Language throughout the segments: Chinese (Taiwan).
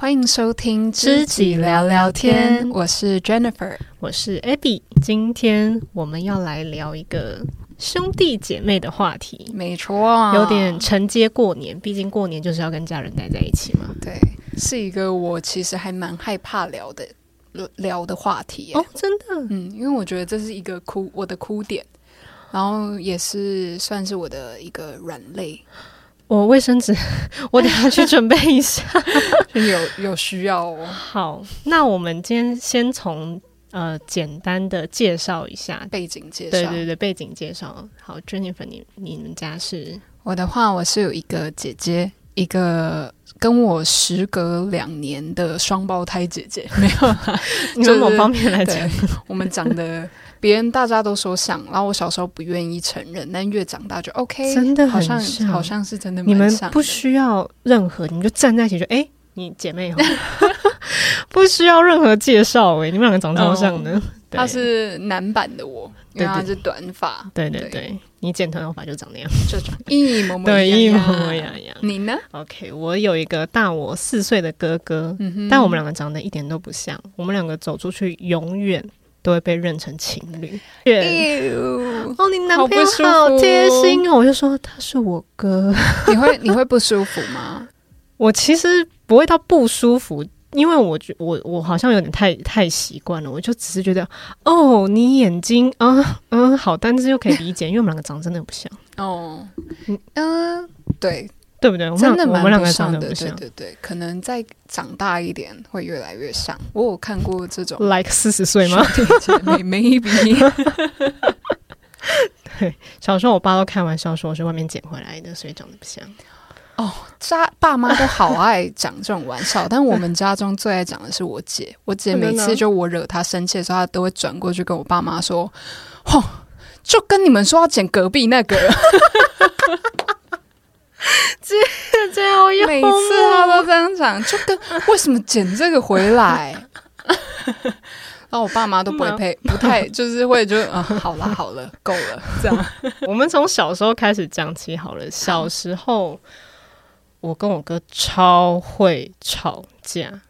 歡迎收聽《知己聊聊天》聊天，我是 Jennifer，我是 Abby。今天我們要來聊一個兄弟姐妹的話題，沒錯、啊，有點承接過年，畢竟過年就是要跟家人待在一起嘛。對，是一個我其實還蠻害怕聊的聊的話題，哦，真的？嗯，因為我覺得這是一個哭我的哭點，然後也是算是我的一個軟肋。我衛生紙，我等下去準備一下， 有有需要哦？好，那我們今天先從呃簡單的介紹一下背景介紹，對對對，背景介紹。好，Jennifer，你你們家是？我的話，我是有一個姐姐，一個跟我時隔兩年的雙胞胎姐姐。沒 有、就是，從 某方面來講，我們長得。別人大家都說，像，然後我小時候不願意承認，但越長大就 OK，真的很像好像好像是真的蠻像的。你們不需要任何，你們就站在一起說：“哎、欸，你姐妹好。 ” 不需要任何介紹，哎，你們兩個長得那麼像呢、oh,？他是男版的我，對，他是短髮，對對對，對對對對你剪頭髮就長那樣，就長 一模一樣,樣,樣，對，一模模樣一樣,樣。你呢？OK，我有一個大我四歲的哥哥，嗯、但我們兩個長得一點都不像，我們兩個走出去永遠。都會被認成情侶。哦、yeah.，oh, 你男朋友好貼心哦！我就說他是我哥。你會你會不舒服嗎？ 我其實不會到不舒服，因為我覺我我好像有點太太習慣了。我就只是覺得，哦，你眼睛啊，嗯、呃呃，好，但是又可以理解， 因為我們兩個長得真的不像哦，嗯、oh. uh.，對。對不對？真的蠻不像的，長長長像，對，對對對，可能再長大一點會越來越像。我有看過這種，like 四十歲嗎？Maybe。 對，小時候我爸都開玩笑說我是外面撿回來的，所以長得不像。哦、oh,，家爸媽都好愛講這種玩笑， 但我們家中最愛講的是我姐。我姐每次就我惹她生氣的時候，她都會轉過去跟我爸媽說：“嚯，就跟你們說要撿隔壁那個。”真真有用，每次他都這樣講， 就跟 為什麼撿這個回來？ 然後我爸媽都不會配， 不太， 就是會就啊、嗯，好了好了，夠了， 這樣。 我們從小時候開始講起好了。小時候，我跟我哥超會吵架，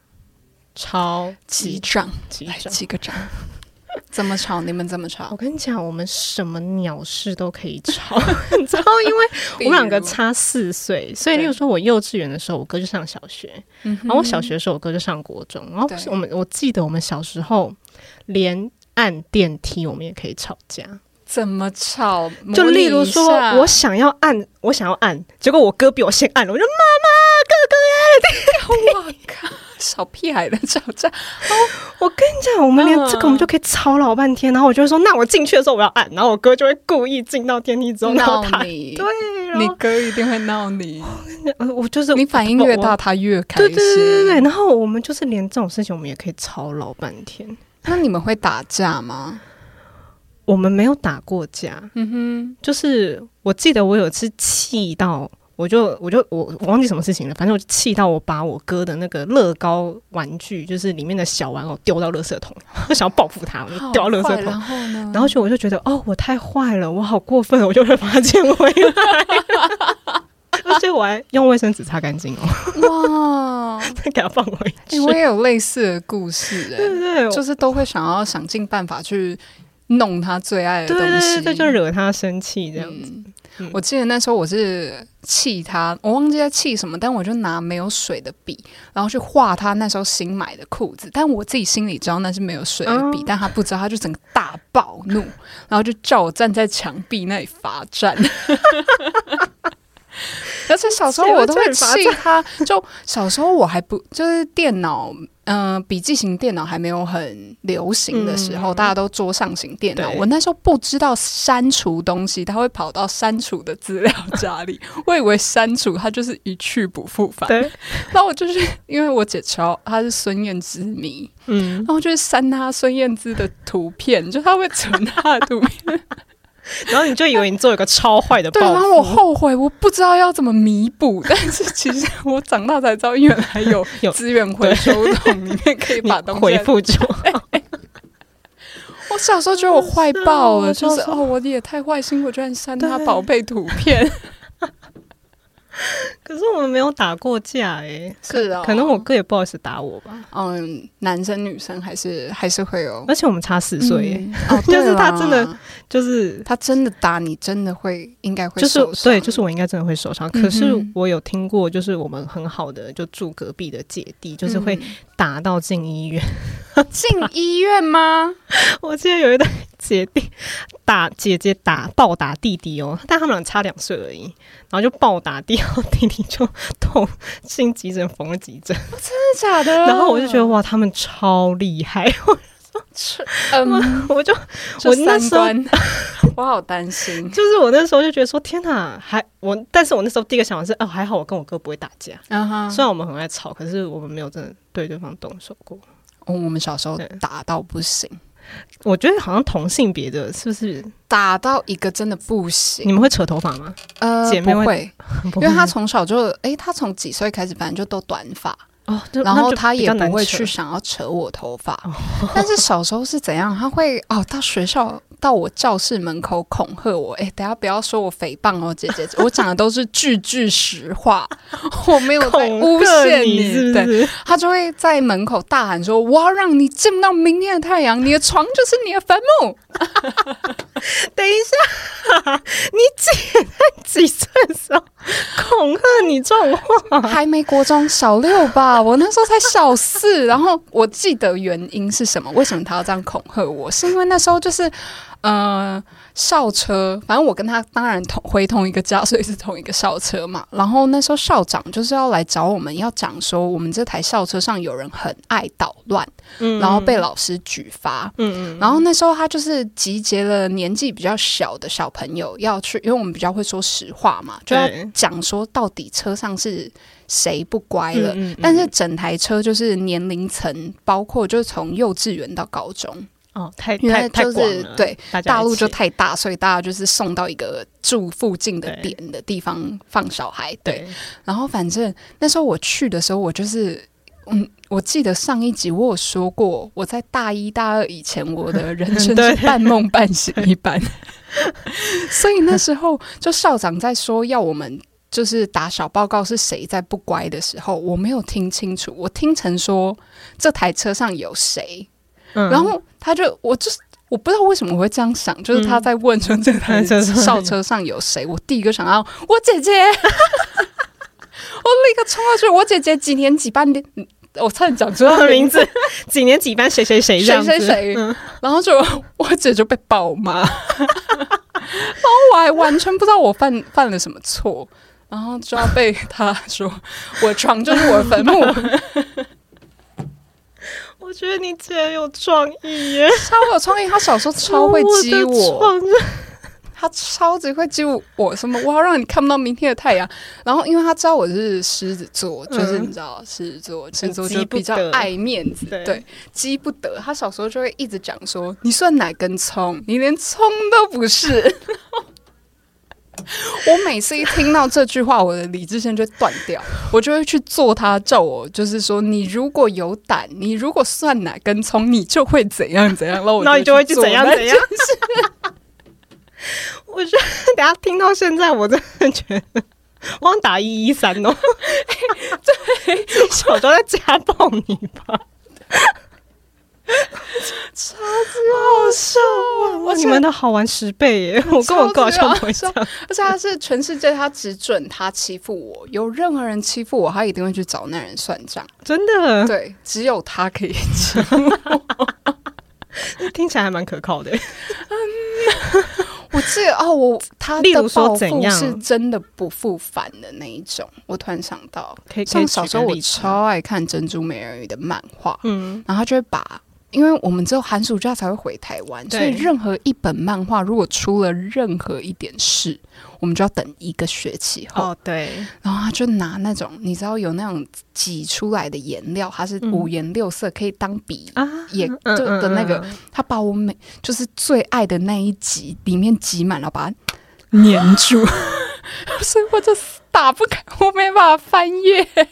超級仗幾幾個仗。怎麼吵？你們怎麼吵？我跟你講，我們什麼鳥事都可以吵。然 後因為我們兩個差四歲，所以例如說我幼稚園的時候，我哥就上小學。然後我小學的時候，我哥就上國中。嗯，然後我們我記得我們小時候連按電梯，我們也可以吵架。怎麼吵？就例如說我想要按，我想要按，結果我哥比我先按了，我說媽媽，哥哥呀，哇！ 好屁孩的吵架， 我跟你講，我們連這個我們就可以吵老半天，嗯。然後我就會說，那我進去的時候我要按，然後我哥就會故意進到電梯之後鬧他。對，你哥一定會鬧你。我跟你講，我就是你反應越大，他越開心，對對對對對。然後我們就是連這種事情，我們也可以吵老半天。那你們會打架嗎？我們沒有打過架。嗯哼，就是我記得我有一次氣到。我就我就我我忘記什麼事情了，反正我氣到我把我哥的那個樂高玩具，就是裡面的小玩偶丟到垃圾桶， 我想要報復他。我就丟到垃圾桶，然後呢？然後就我就覺得哦，我太壞了，我好過分，我就會把它撿回來，而 且 我還用衛生紙擦乾淨哦。哇、wow， 再給他放回去、欸。我也有類似的故事， 對不對，就是都會想要想盡辦法去弄他最愛的東西，對對，對，對，就惹他生氣這樣子。嗯我記得那時候我是氣他，我忘記在氣什麼，但我就拿沒有水的筆，然後去畫他那時候新買的褲子。但我自己心裡知道那是沒有水的筆，嗯，但他不知道，他就整個大暴怒，然後就叫我站在牆壁那裡罰站。 而且小時候我都會氣他，就小時候我還不就是電腦，嗯，筆記型電腦還沒有很流行的時候，大家都桌上型電腦。我那時候不知道刪除東西，他會跑到刪除的資料夾裡，我以為刪除他就是一去不復返。對，那我就是因為我姐瞧，她是孫燕姿迷，嗯，然後就是刪她孫燕姿的圖片，就他會存她的圖片。 然後你就以為你做一個超壞的， 對嗎？然後我後悔，我不知道要怎麼彌補。 但是其實我長大才知道，原來有資源回收桶裡面可以把它 回復出來。 我小時候覺得我壞爆了， 就是 哦，我的也太壞心，我居然刪他寶貝圖片。 對 可是我們沒有打過架哎、欸，是啊、哦，可能我哥也不好意思打我吧。嗯，男生女生還是還是會有，而且我們差四歲、欸，嗯哦、 就是他真的就是他真的打你，真的會應該會受傷、就是。對，就是我應該真的會受傷、嗯。可是我有聽過，就是我們很好的就住隔壁的姐弟，就是會打到進醫院，進、嗯、 醫院嗎？ 我記得有一對姐弟打姐姐打暴打弟弟哦，但他們倆差兩歲而已，然後就暴打弟，弟弟。你就痛進急診，縫了幾針，真的假的？ 然後我就覺得哇，他們超厲害。我就、嗯、我，就我那時候我好擔心，就， 就是我那時候就覺得說天哪，還我？但是我那時候第一個想法是哦，還好我跟我哥不會打架、啊。雖然我們很愛吵，可是我們沒有真的對對方動手過。哦、我們小時候打到不行。我覺得好像同性別的是不是打到一個真的不行？你們會扯頭髮嗎？呃，姐妹會，不會 不會因為他從小就，哎、欸，他從幾歲開始反正就都短髮哦，然後他也他不會去想要扯我頭髮，哦，但是小時候是怎樣？他會哦，到學校。到我教室門口恐嚇我，哎、欸，等下不要說我誹謗哦，姐姐，姐，我講的都是句句實話， 我沒有在誣陷你，你是不是？對，他就會在門口大喊說：“我要讓你見不到明天的太陽，你的床就是你的墳墓。 ” 等一下，你姐幾歲？幾歲？的時候恐嚇你這種話，還沒國中小六吧？我那時候才小四。然後我記得原因是什麼？為什麼他要這樣恐嚇我？是因為那時候就是。呃，校車，反正我跟他當然同回同一個家，所以是同一個校車嘛。然後那時候校長就是要來找我們，要講說我們這台校車上有人很愛搗亂，嗯，然後被老師舉發，嗯，然後那時候他就是集結了年紀比較小的小朋友要去，因為我們比較會說實話嘛，就要講說到底車上是誰不乖了。嗯，但是整台車就是年齡層，包括就是從幼稚園到高中。哦，太太、就是、太管了。對，大陸就太大，所以大家就是送到一個住附近的點的地方放小孩，對。對然後反正那時候我去的時候，我就是，嗯，我記得上一集我，我有說過，我在大一大二以前，我的人生是半夢半醒一般。 對 所以那時候就校長在說要我們就是打小報告是誰在不乖的時候，我沒有聽清楚，我聽成說這台車上有誰。嗯、然後他就，我就是我不知道為什麼我會這樣想，嗯、就是他在問說這台校車上有誰、嗯，我第一個想到我姐姐， 我立刻衝過去，我姐姐幾年幾班的， 我差點講錯她的名字，幾年幾班誰誰誰誰誰誰，嗯、然後就我姐,姐就被爆罵， 然後我還完全不知道我犯 犯了什麼錯，然後就要被他說 我的床就是我的墳墓。 我覺得你姐有創意耶！超有創意，他小時候超會激我。 我他超級會激我，什麼我要讓你看不到明天的太陽。然後，因為他知道我是獅子座、嗯，就是你知道獅子座，獅、嗯、子座你就是、比較愛面子對，對，激不得。他小時候就會一直講說：“你算哪根蔥？你連蔥都不是。是” 我每次一聽到這句話，我的理智線就斷掉，我就會去做他。叫我就是說，你如果有膽，你如果算哪根蔥，你就會怎樣怎樣。然後就那你就會去怎樣怎樣。就是、 我覺得，等下聽到現在，我真的覺得，忘打一一三哦，對、欸，手 都這 在家暴你吧。超級好笑！你們都好玩十倍耶！我跟我哥差不多。而且他是全世界，他只准他欺負我。有任何人欺負我，他一定會去找那人算賬。真的，對，只有他可以。聽起來還蠻可靠的。我記得哦，我他的報復是真的不復返的那一種。我突然想到，像小時候我超愛看《珍珠美人魚》的漫畫，嗯，然後就會把。因為我們只有寒暑假才會回台灣，所以任何一本漫畫如果出了任何一點事，我們就要等一個學期後。哦，對。然後他就拿那種你知道有那種擠出來的顏料，它是五顏六色、嗯，可以當筆也、啊、就的那個、嗯嗯嗯嗯，他把我每就是最愛的那一集裡面擠滿了，把它粘住， 所以我就打不開，我沒辦法翻閱。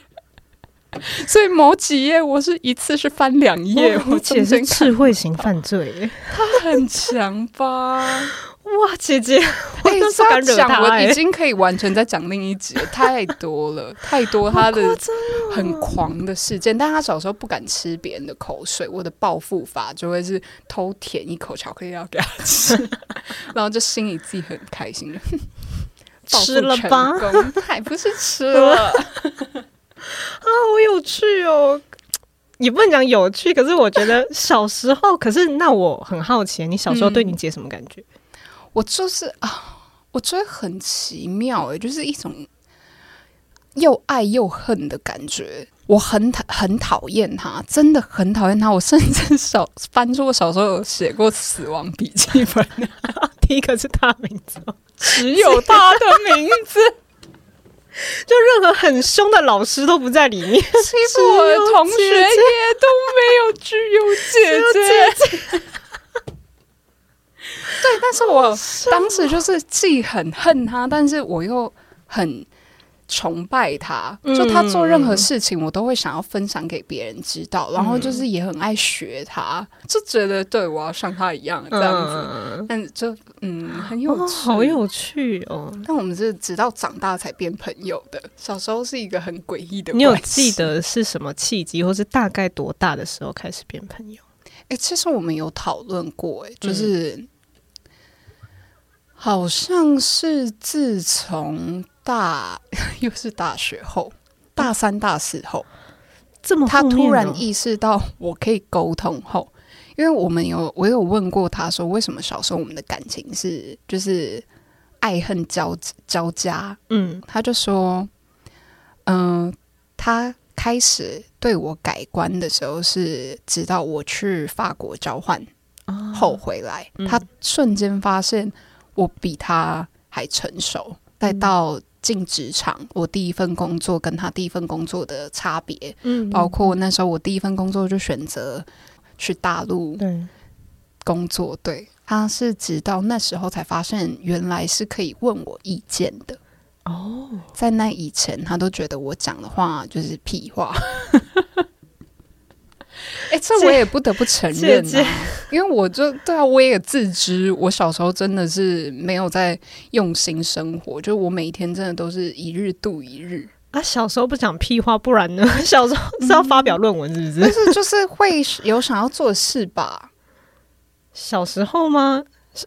所以某幾頁我是一次是翻兩頁。我姐姐智慧型犯罪，他很強吧？ 哇，姐姐，我都不敢惹他、欸。欸、已經可以完全在講另一集了， 太多了，太多他的很狂的事件。哦、但他小時候不敢吃別人的口水，我的報復法就會是偷舔一口巧克力要給他吃， 然後就心裡自己很開心。報復 成功，吃了吧？還不是吃了。 啊，好有趣哦！也不能講有趣，可是我覺得小時候， 可是那我很好奇，你小時候對你姐什麼感覺？嗯、我就是啊，我覺得很奇妙、欸，就是一種又愛又恨的感覺。我很討很討厭他，真的很討厭他。我甚至小翻出我小時候有寫過死亡筆記本， 第一個是他名字，只有他的名字。 就任何很凶的老師都不在裡面，欺負我同學也都沒有，只有姐姐。 姐姐 對，但是我當時就是既很恨他，但是我又很。崇拜他，就他做任何事情，我都會想要分享給別人知道。嗯，然後就是也很愛學他。嗯，就覺得對我要像他一樣這樣子。嗯、但就嗯，很有、哦、好有趣哦。但我們是直到長大才變朋友的，小時候是一個很詭異的。你有記得是什麼契機，或是大概多大的時候開始變朋友？哎、欸，其實我們有討論過，欸，哎，就是、嗯、好像是自從。大又是大學後，大三、大四後，這麼負面、喔、他突然意識到我可以溝通後，因為我們有我有問過他說，為什麼小時候我們的感情是就是愛恨交交加，嗯，他就說，嗯、呃，他開始對我改觀的時候是直到我去法國交換、啊、後回來，嗯、他瞬間發現我比他還成熟，嗯、再到。進職場，我第一份工作跟他第一份工作的差別，嗯，包括那時候我第一份工作就選擇去大陸工作，對，對他是直到那時候才發現原來是可以問我意見的哦，oh. 在那以前他都覺得我講的話就是屁話。 哎、欸，這我也不得不承認、啊，姐姐因為我就對啊，我也自知，我小時候真的是沒有在用心生活，就我每一天真的都是一日度一日啊。小時候不講屁話，不然呢？小時候是要發表論文是不是？但、嗯、是就是會有想要做的事吧？ 小時候嗎？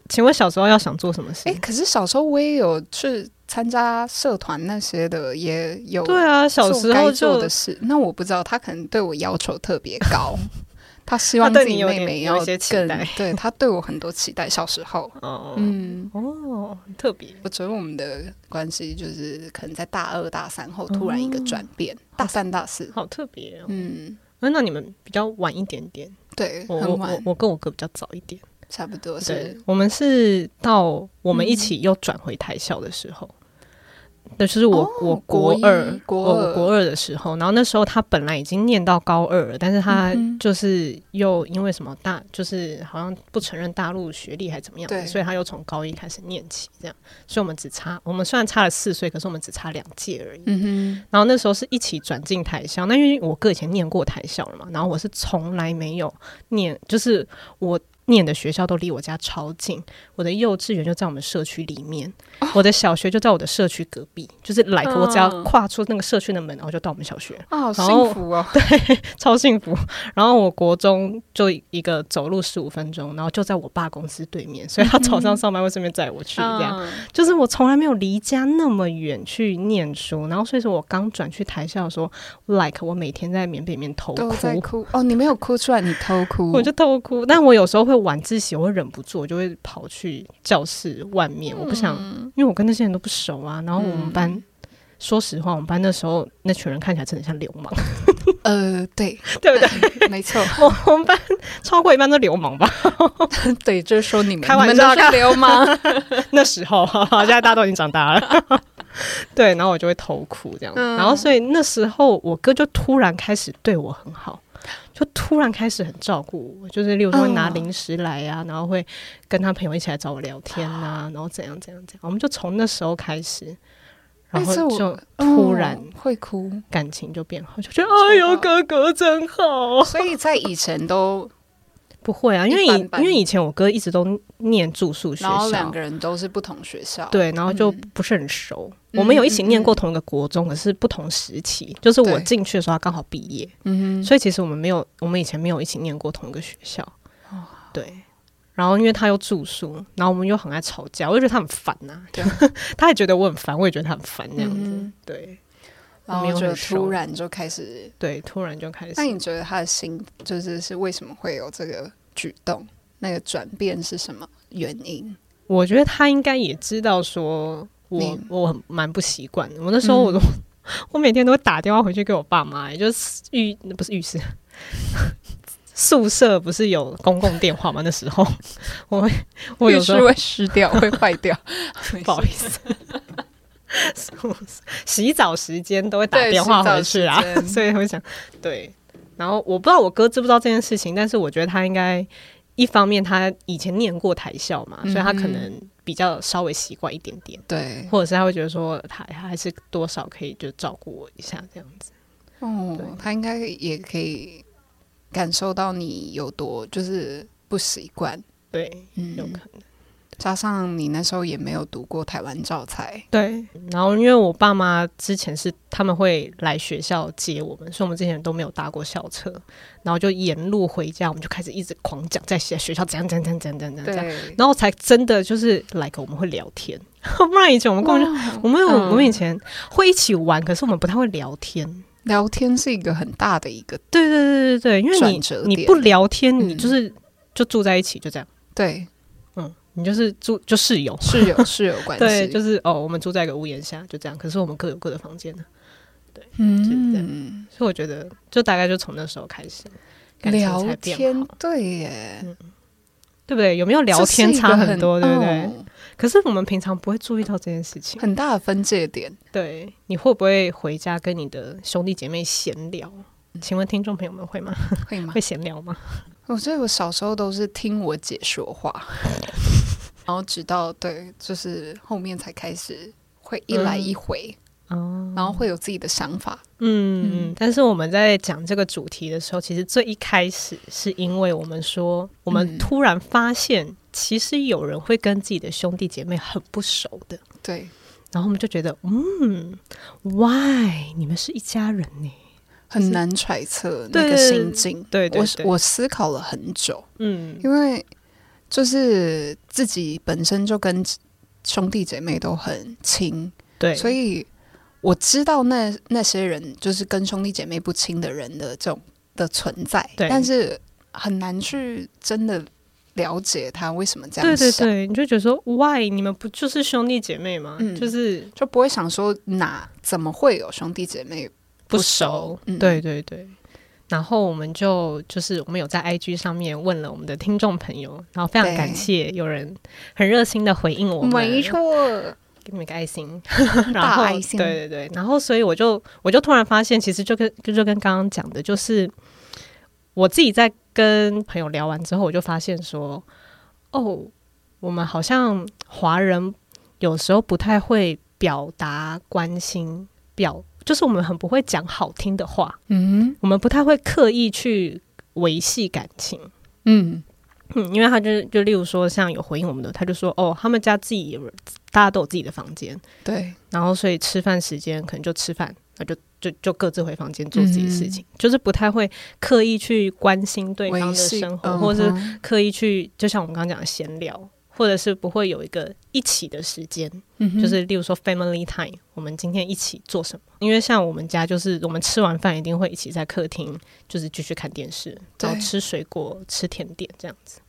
請問小時候要想做什麼事？哎、欸，可是小時候我也有去。參加社團那些的，也有做做的，對啊，小時候做的事。那我不知道，他可能對我要求特別高， 他希望自己妹妹要更。 對你有一些期待。對，他對我很多期待。小時候，哦、嗯，哦，很特別。我覺得我們的關係就是可能在大二大三後突然一個轉變、嗯。大三大四，好特別、哦嗯。嗯，那你們比較晚一點點。對，我我我跟我哥比較早一點，差不多是。對，我們是到我們一起又轉回台校的時候。嗯那、就是我、哦、我國二，國二我國二的時候，然後那時候他本來已經念到高二了，但是他就是又因為什麼大，就是好像不承認大陸學歷還是怎麼樣，所以他又從高一開始念起，這樣，所以我們只差，我們雖然差了四歲，可是我們只差兩屆而已、嗯哼。然後那時候是一起轉進台校，那因為我哥以前念過台校了嘛，然後我是從來沒有念，就是我。念的學校都離我家超近，我的幼稚園就在我們社區裡面、哦，我的小學就在我的社區隔壁，就是來、like，我只要跨出那個社區的門、嗯，然後就到我們小學。啊，好幸福哦、啊！對，超幸福。然後我國中就一個走路十五分鐘，然後就在我爸公司對面，所以他早上上班會順便載我去。這樣、嗯，就是我從來沒有離家那麼遠去念書，然後所以說我剛轉去台校的時候，like 我每天在棉被裡面偷哭,哭。哦，你沒有哭出來，你偷哭。 我就偷哭，但我有時候會。晚自習我會忍不住，我就會跑去教室外面、嗯。我不想，因為我跟那些人都不熟啊。然後我們班，嗯、說實話，我們班那時候那群人看起來真的像流氓。呃，對，對不對？嗯、沒錯，我們班超過一半都流氓吧。 對，就是說你們開玩笑流氓笑那時候，現在大家都已經長大了。 對，然後我就會偷哭這樣子。嗯、然後，所以那時候我哥就突然開始對我很好。就突然開始很照顧我，就是例如說會拿零食來啊、哦，然後會跟他朋友一起來找我聊天吶、啊啊，然後怎樣怎樣怎樣，我們就從那時候開始，然後就突然會哭、哎嗯，感情就變好，就覺得、嗯、哎呦哥哥真好，所以在以前都 不會啊，因為以因為以前我哥一直都念住宿學校，然後兩個人都是不同學校，對，然後就不是很熟。嗯我們有一起念過同一個國中，嗯嗯嗯，可是不同時期。就是我進去的時候，他剛好畢業。嗯哼。所以其實我們沒有，我們以前沒有一起念過同一個學校。哦、嗯。對。然後，因為他又住宿，然後我們又很愛吵架，我就覺得他很煩吶、啊。對對 他也覺得我很煩，我也覺得他很煩，那樣子嗯嗯。對。然後就突然就開始，對，突然就開始。那你覺得他的心，就是是為什麼會有這個舉動？那個轉變是什麼原因？我覺得他應該也知道說。我我蠻不習慣的，我那時候我都、嗯、我每天都會打電話回去給我爸媽，也就是浴不是浴室， 宿舍不是有公共電話嗎？ 那時候我會，我有時候會濕掉會壞掉， 壞掉 不好意思。 洗澡時間都會打電話回去啊， 所以我想對。然後我不知道我哥知不知道這件事情，但是我覺得他應該一方面他以前念過台校嘛，嗯、所以他可能。比較稍微習慣一點點，對，或者是他會覺得說他，他還是多少可以就照顧我一下這樣子。哦，他應該也可以感受到你有多就是不習慣，對，嗯，有可能。加上你那時候也沒有讀過台灣教材，對。然後因為我爸媽之前是他們會來學校接我們，所以我們之前都沒有搭過校車，然後就沿路回家，我們就開始一直狂講，在學校怎樣怎樣怎樣怎樣怎樣，然後才真的就是來、like、跟我們會聊天。不然以前我們跟我們有、嗯、我們以前會一起玩，可是我們不太會聊天。聊天是一個很大的一個，對對對對對，因為你你不聊天，嗯，你就是就住在一起就這樣。對。你就是住就室友室友室友關係 對，就是哦，我們住在一個屋檐下就這樣，可是我們各有各的房間呢。對嗯、就是、這樣嗯，所以我覺得就大概就從那時候開始，開始聊天對耶、嗯、對不對，有沒有聊天差很多很，對不對，對、哦、可是我們平常不會注意到這件事情，很大的分界點。對，你會不會回家跟你的兄弟姐妹閒聊、嗯、請問聽眾朋友們會嗎？嗎 會嗎？會閒聊嗎？我覺得我小時候都是聽我姐說話， 然後直到對，就是後面才開始會一來一回，嗯，然後會有自己的想法。嗯，但是我們在講這個主題的時候，其實最一開始是因為我們說，我們突然發現其實有人會跟自己的兄弟姐妹很不熟的。對，然後我們就覺得，嗯，why 你們是一家人呢？很難揣測那個心境。對對，對對，我我思考了很久。嗯，因為就是自己本身就跟兄弟姐妹都很親，對，所以我知道那那些人就是跟兄弟姐妹不親的人的這種的存在。對，但是很難去真的了解他為什麼這樣想。對對對，你就覺得說，Why？你們不就是兄弟姐妹嗎？嗯，就是就不會想說哪怎麼會有兄弟姐妹？不熟，不熟、嗯，對對對，然後我們就就是我們有在 IG 上面問了我們的聽眾朋友，然後非常感謝有人很熱心的回應我們，沒錯，給你們個愛心， 然後愛心對對對，然後所以我就我就突然發現，其實就跟就跟剛剛講的，就是我自己在跟朋友聊完之後，我就發現說，哦，我們好像華人有時候不太會表達關心表。就是我們很不會講好聽的話，嗯，我們不太會刻意去維繫感情，嗯，嗯，因為他就就例如說像有回應我們的，他就說哦，他們家自己有，大家都有自己的房間，對，然後所以吃飯時間可能就吃飯，那就就就各自回房間做自己的事情，嗯，就是不太會刻意去關心對方的生活，嗯，或者是刻意去就像我們剛剛講的閒聊。或者是不會有一個一起的時間，嗯，就是例如說 family time，我們今天一起做什麼？因為像我們家，就是我們吃完飯一定會一起在客廳，就是繼續看電視，然後吃水果、吃甜點這樣子。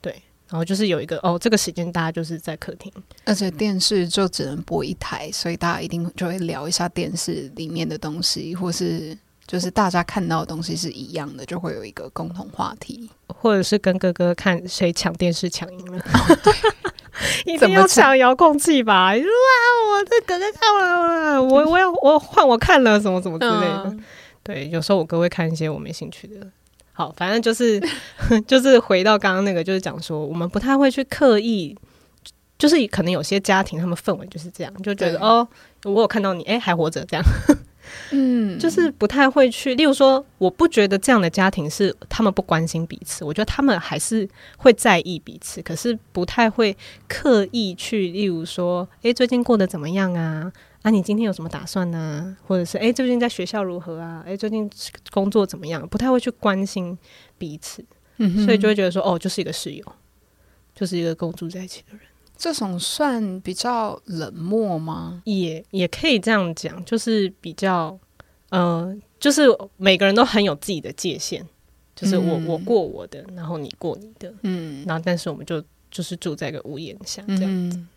對，然後就是有一個哦，這個時間大家就是在客廳，而且電視就只能播一台，所以大家一定就會聊一下電視裡面的東西，或是。就是大家看到的東西是一樣的，就會有一個共同話題，或者是跟哥哥看誰搶電視搶贏了，哦、 一定要搶遙控器吧？哇，我這哥哥看了，我我要我換我，我看了，什麼什麼之類的、嗯。對，有時候我哥會看一些我沒興趣的。好，反正就是 就是回到剛剛那個，就是講說我們不太會去刻意，就是可能有些家庭他們氛圍就是這樣，就覺得哦，我有看到你，哎、欸，還活着這樣。嗯，就是不太會去。例如說，我不覺得這樣的家庭是他們不關心彼此，我覺得他們還是會在意彼此，可是不太會刻意去。例如說，哎，最近過得怎麼樣啊？啊，你今天有什麼打算啊？或者是哎，最近在學校如何啊？哎，最近工作怎麼樣？不太會去關心彼此，所以就會覺得說，哦，就是一個室友，就是一個共住在一起的人。這種算比較冷漠嗎？也也可以這樣講，就是比較，嗯、呃，就是每個人都很有自己的界限，就是我，嗯、我過我的，然後你過你的，嗯，然後但是我們就就是住在一個屋檐下，這樣子，嗯，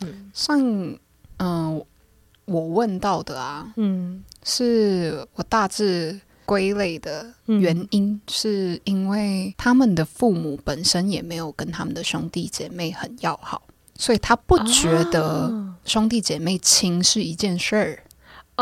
嗯上，嗯、呃、我，我問到的啊，嗯，是我大致歸類的原因、嗯，是因為他們的父母本身也沒有跟他們的兄弟姐妹很要好。所以他不覺得兄弟姐妹親是一件事兒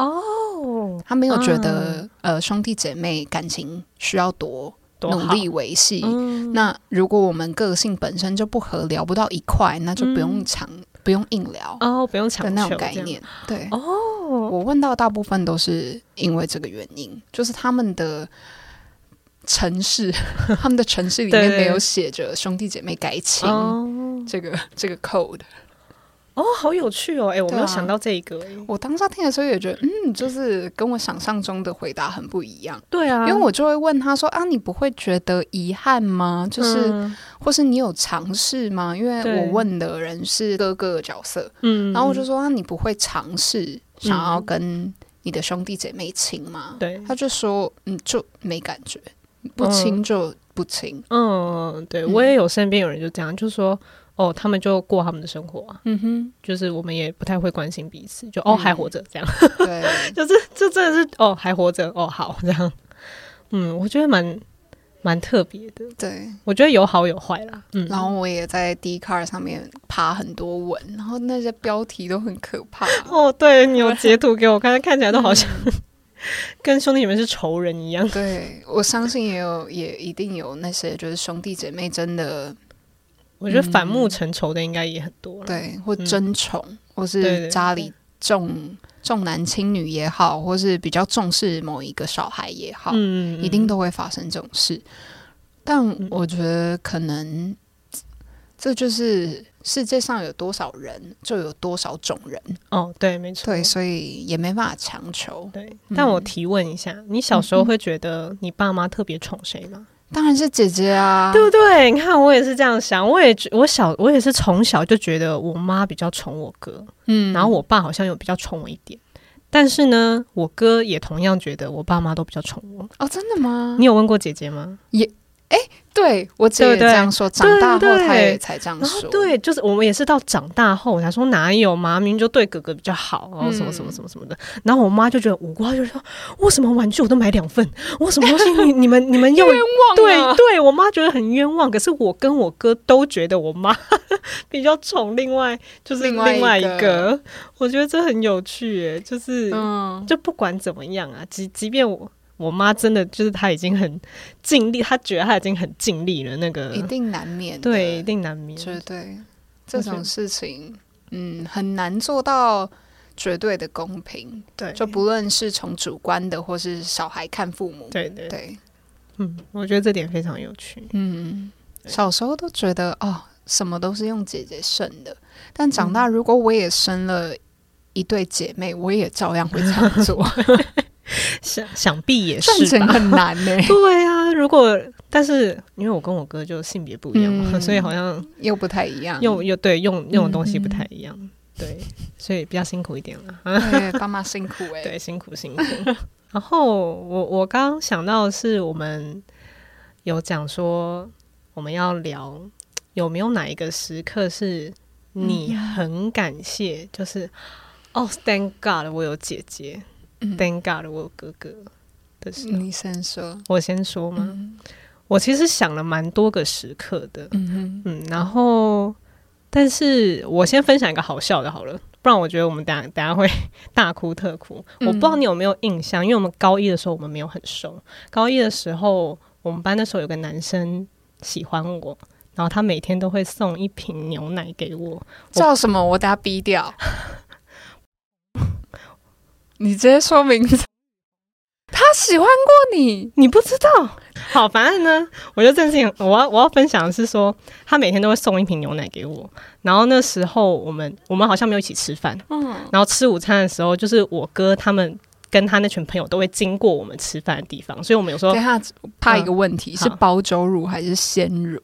哦，oh. Oh. 他沒有覺得、um. 呃兄弟姐妹感情需要多努力維繫。Um. 那如果我們個性本身就不合，聊不到一塊，那就不用強、嗯，不用硬聊哦，不用強的那種概念。Oh, 對哦，oh. 我問到大部分都是因為這個原因，就是他們的城市，他們的城市裡面沒有寫着兄弟姐妹該親。 這個這個 code，哦，好有趣哦！哎、欸，我沒有想到這一個、欸啊。我當下聽的時候也覺得，嗯，就是跟我想象中的回答很不一樣。對啊，因為我就會問他說：“啊，你不會覺得遺憾嗎？就是，嗯、或是你有嘗試嗎？”因為我問的人是哥哥角色，嗯，然後我就說：“啊，你不會嘗試想要跟你的兄弟姐妹親嗎？”對、嗯，他就說：“嗯，就沒感覺，不親就不親。嗯嗯”嗯，對我也有身邊有人就這樣，就說。哦，他們就過他們的生活，啊，嗯哼，就是我們也不太會關心彼此，就、嗯、哦還活着這樣，對， 就是這就真的是哦還活着哦好這樣，嗯，我覺得蠻蠻特別的，對，我覺得有好有壞啦，嗯，然後我也在 Dcard 上面爬很多文，然後那些標題都很可怕，哦，對，你有截圖給我看， 看起來都好像，嗯、跟兄弟們是仇人一樣，對，我相信也有也一定有那些就是兄弟姐妹真的。我覺得反目成仇的應該也很多了、嗯，對，或爭寵、嗯，或是家裡重重男輕女也好對對對，或是比較重視某一個小孩也好，嗯，一定都會發生這種事。嗯、但我覺得可能這就是世界上有多少人就有多少種人哦，對，沒錯，對，所以也沒辦法強求。對、嗯，但我提問一下，你小時候會覺得你爸媽特別寵誰嗎？嗯嗯當然是姐姐啊，對不對？你看我也是這樣想，我也我小我也是從小就覺得我媽比較寵我哥，嗯，然後我爸好像有比較寵我一點，但是呢，我哥也同樣覺得我爸媽都比較寵我。哦，真的嗎？你有問過姐姐嗎？也。誒、欸，對，我這對對對，長大後才這樣說，長大後才才這樣說，對，就是我們也是到長大後才說，哪有媽咪就對哥哥比較好，然後什麼什麼什麼什麼的。嗯、然後我媽就覺得，我媽就說，我什麼玩具我都買兩份，我什麼東西你， 你們你們你們又對，對我媽覺得很冤枉，可是我跟我哥都覺得我媽比較寵。另外就是另外，另外一個，我覺得這很有趣、欸，就是嗯，就不管怎麼樣啊，即即便我。我媽真的就是她已經很盡力，她覺得她已經很盡力了。那個一定難免，對，一定難免，絕對這種事情，嗯，很難做到絕對的公平。對，就不論是從主觀的，或是小孩看父母，對對對，嗯，我覺得這點非常有趣。嗯，小時候都覺得哦，什麼都是用姐姐剩的，但長大如果我也生了一對姐妹，嗯、我也照樣會這樣做。 想想必也是吧算成很難呢，欸。 對啊，如果但是因為我跟我哥就性別不一樣嘛，嗯，所以好像又不太一樣，用又又對用用的東西不太一樣嗯嗯，對，所以比較辛苦一點了。 對，爸媽辛苦哎，欸，對，辛苦辛苦。 然後我我剛想到的是，我們有講說我們要聊有沒有哪一個時刻是你很感謝，就是哦，嗯 oh,，Thank God，我有姐姐。Thank God，我有哥哥的事。你先說，我先說嗎？嗯、我其實想了蠻多個時刻的，嗯哼嗯，然後，但是我先分享一個好笑的，好了，不然我覺得我們等下等下會大哭特哭，嗯。我不知道你有沒有印象，因為我們高一的時候我們沒有很熟。高一的時候，我們班的時候有個男生喜歡我，然後他每天都會送一瓶牛奶給我。叫什麼？我大家逼掉。 你直接說名字。他喜歡過你，你不知道。好，反正呢，我就正近，我要我要分享的是說，他每天都會送一瓶牛奶給我。然後那時候我們我們好像沒有一起吃飯。嗯。然後吃午餐的時候，就是我哥他們跟他那群朋友都會經過我們吃飯的地方，所以我們有時候他怕一個問題，啊、是保久乳還是鮮乳？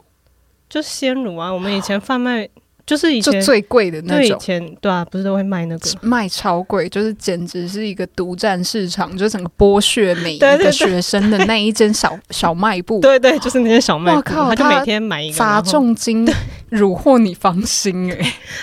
就鮮乳啊，我們以前販賣。就是以前最貴的那種對，以前，對啊，不是都會賣那個，賣超貴，就是簡直是一個獨占市場，就是整個剝削每一個學生的那一間小 對對對小賣部。 對，對對，就是那些小賣部靠他，他就每天買一個，砸重金，擄獲你芳心誒、欸，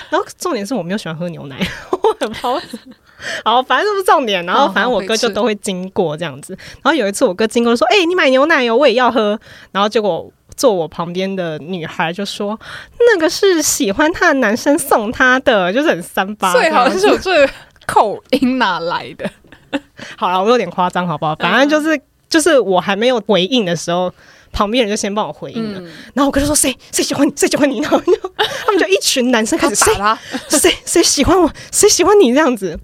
然後重點是我沒有喜歡喝牛奶， 我很怕抱死。 好，反正這是，是重點，然後反正我哥就都會經過這樣子。哦、然後有一次我哥經過說：“哎、欸，你買牛奶哦，我也要喝。”然後結果。坐我旁邊的女孩就說：“那個是喜歡她的男生送她的，就是很三八。”最好是什麼，最口音哪來的？ 好啦，我有點誇張，好不好？反正就是、嗯、就是我還沒有回應的時候，旁邊人就先幫我回應了。嗯、然後我跟他說：“誰誰喜歡你，誰喜歡你？”然後就 他們就一群男生開始,開始打誰誰誰喜歡我，誰喜歡你這樣子。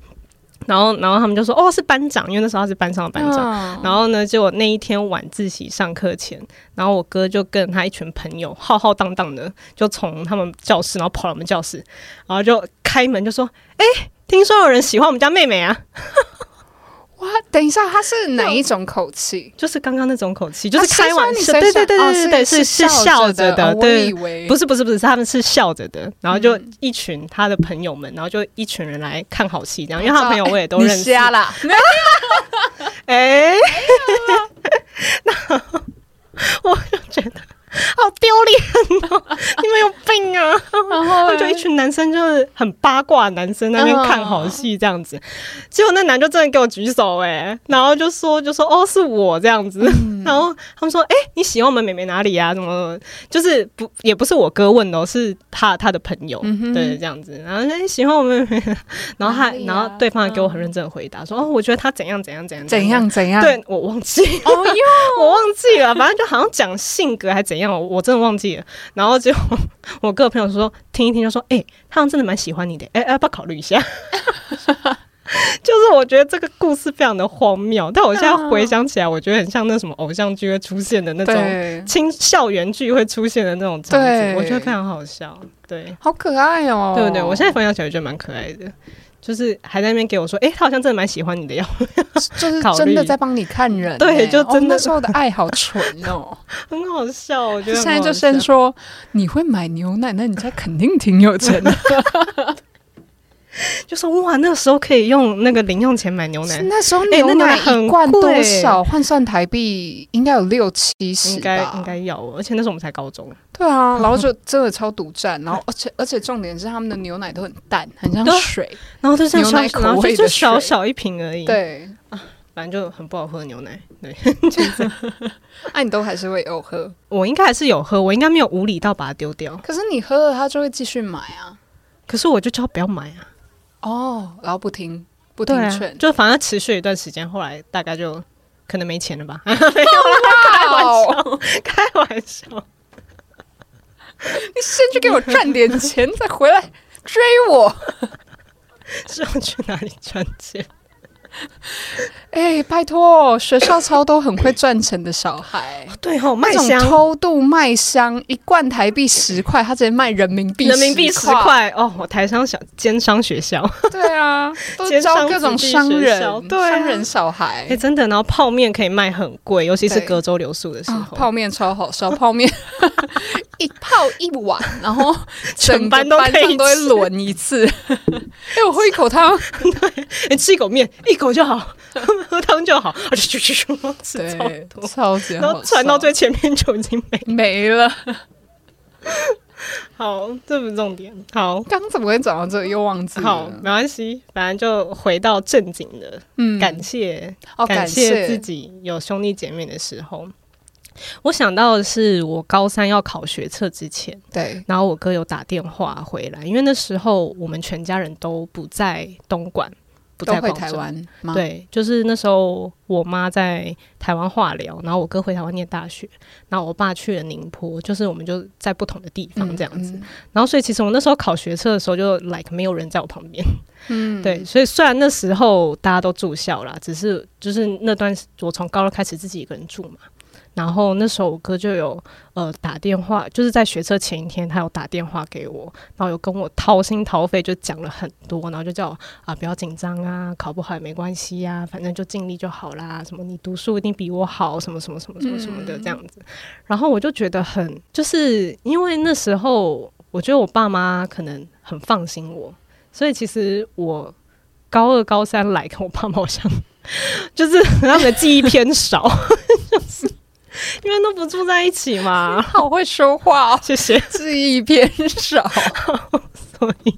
然後，然後他們就說：“哦，是班長，因為那時候他是班上的班長。Oh. ”然後呢，結果那一天晚自習上課前，然後我哥就跟他一群朋友浩浩蕩蕩的就從他們教室，然後跑到我們教室，然後就開門就說：“哎，聽說有人喜歡我們家妹妹啊。 ” What? 等一下，他是哪一種口氣？就是剛剛那種口氣，就是開玩笑。對對對對，對、哦、是是，是笑着的，是笑的、哦。我以為。對，不是不是不是，他們是笑着的。然後就一群他的朋友們，然後就一群人來看好戲，這樣。因為他的朋友我也都認識。欸、瞎了？哎、欸，那 我就覺得。好丟臉！你們有病啊！然後就一群男生就是很八卦，男生那邊看好戲這樣子。結果那男就真的給我舉手哎、欸，然後就說就說，哦，是我這樣子。然後他們說哎、欸、你喜歡我們妹妹哪裡呀？怎麼怎麼？就是不也不是我哥問哦、喔，是他他的朋友對這樣子。然後說你喜歡我們妹妹，然後他然後對方也給我很認真的回答說哦，我覺得他怎樣怎樣怎樣怎樣怎樣，對我忘記哦喲我忘記了，反正就好像講性格還怎樣。我真的忘記了，然後就我各個朋友說聽一聽，就說哎、欸，他們真的蠻喜歡你的、欸，哎、欸、哎，要不要考慮一下？ 就是我覺得這個故事非常的荒謬，但我現在回想起來，我覺得很像那什麼偶像劇會出現的那種青校園劇會出現的那種場景，我覺得非常好笑。對，好可愛哦、喔，對不對，對？我現在回想起來覺得蠻可愛的。就是還在那邊給我說，哎、欸，他好像真的蠻喜歡你的樣子，就是真的在幫你看人、欸，對，就真的是。我、oh, 那時候的愛好純哦、喔， 很好笑，我覺得。現在就先說，你會買牛奶，那你家肯定挺有錢的。 就說哇，那個時候可以用那個零用錢買牛奶，那時候牛奶，多少、欸、牛奶很貴、欸，換算台幣應該有六七十，應該應該有。而且那時候我們才高中，對啊，嗯、然後就真的超獨佔。然後而且、嗯、而且重點是他們的牛奶都很淡，很像水。然後就像像，然後就就小小一瓶而已。對，啊、反正就很不好喝的牛奶。對，哎、 啊，你都還是會有喝。我應該還是有喝，我應該沒有無理到把它丟掉。可是你喝了，他就會繼續買啊。可是我就叫不要買啊。哦、oh,，然後不聽，不聽勸、啊，就反正持續一段時間，後來大概就可能沒錢了吧， 沒有啦，oh, wow! 開玩笑，開玩笑，你先去給我賺點錢， 再回來追我，是要去哪裡賺錢？ 哎、欸，拜託，學校超多很會賺錢的小孩，對哦，麥香賣麥香偷渡賣麥香，一罐台幣十塊，他直接賣人民幣，人民幣十塊。哦，我台商小奸商學校，對啊，都招各種商人商對、啊，商人小孩。哎、欸，真的，然後泡麵可以賣很貴，尤其是隔周留宿的時候，哦、泡麵超好燒，泡麵一泡一碗，然後班都，班上都會輪一次。哎、欸，我喝一口湯， 對，你、欸、吃一口麵，一口。口就好，喝湯就好，而且就是吃超多，然後傳到最前面就已經沒了沒了。 好，這不是重點。好，剛怎麼會轉到這又忘記了？好，沒關係，反正就回到正經的。嗯，感謝，哦，感謝自己有兄弟姐妹的時候。哦，我想到的是，我高三要考學測之前，對，然後我哥有打電話回來，因為那時候我們全家人都不在東莞。在都會台灣，對，就是那時候我媽在台灣化療，然後我哥回台灣念大學，然後我爸去了寧波，就是我們就在不同的地方這樣子。嗯嗯、然後，所以其實我那時候考學測的時候，就 like 沒有人在我旁邊，嗯，對，所以雖然那時候大家都住校啦，只是就是那段我從高二開始自己一個人住嘛。然後那時候我哥就有呃打電話，就是在學車前一天，他有打電話給我，然後有跟我掏心掏肺就講了很多，然後就叫我啊不要緊張啊，考不好也沒關係呀，啊，反正就盡力就好啦。什麼你讀書一定比我好，什麼什麼什麼什麼什麼的這樣子，嗯。然後我就覺得很，就是因為那時候我覺得我爸媽可能很放心我，所以其實我高二高三來跟我爸媽好像就是他們的記憶偏少， 就是。因為都不住在一起嘛。好會說話哦，謝謝。記憶偏少，所以，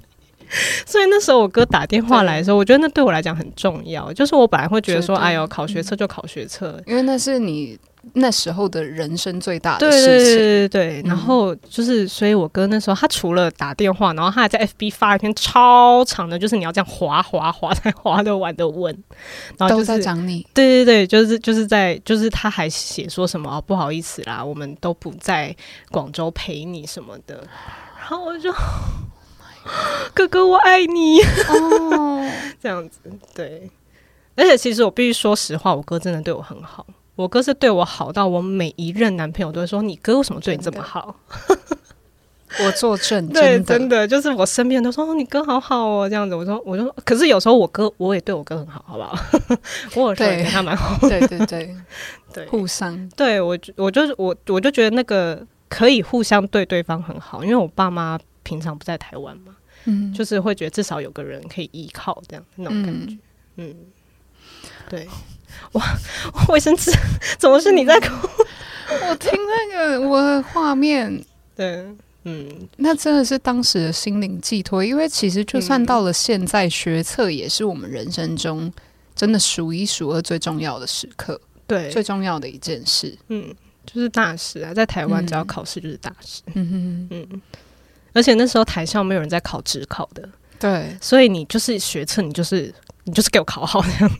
所以那時候我哥打電話來的時候，我覺得那對我來講很重要，就是我本來會覺得說，對對對，哎呦，考學測就考學測，因為那是你。那時候的人生最大的事情，對對，對，對，對、嗯、然後就是，所以我哥那時候他除了打電話，然後他還在 FB 發一篇超長的，就是你要這樣滑滑滑才滑得完的文，然後、就是、都在講你，對對對，就是就是在，就是他還寫說什麼、啊、不好意思啦，我們都不在廣州陪你什麼的，然後我就，oh、哥哥我愛你，哦、oh。這樣子，對，而且其實我必須說實話，我哥真的對我很好。我哥是對我好到我每一任男朋友都會說，你哥為什麼對你這麼好？ 我作證，對，真的就是我身邊人都說你哥好好哦，這樣子。我說，我就說，可是有時候我哥我也對我哥很好，好不好？ 我有時候也對他蠻好對， 對對對對，互相。對我，我就是我，我就覺得那個可以互相對對方很好，因為我爸媽平常不在台灣嘛、嗯，就是會覺得至少有個人可以依靠，這樣那種感覺，嗯，嗯對。哇，衛生紙怎麼是你在哭？ 我聽那個，我的畫面對，嗯，那真的是當時的心靈寄托。因為其實就算到了現在，嗯、學測也是我們人生中真的數一數二最重要的時刻，對，最重要的一件事，嗯，就是大事啊。在台灣，只要考試就是大事，嗯嗯，嗯。而且那時候台上沒有人在考指考的，對，所以你就是學測，你就是你就是給我考好這樣子。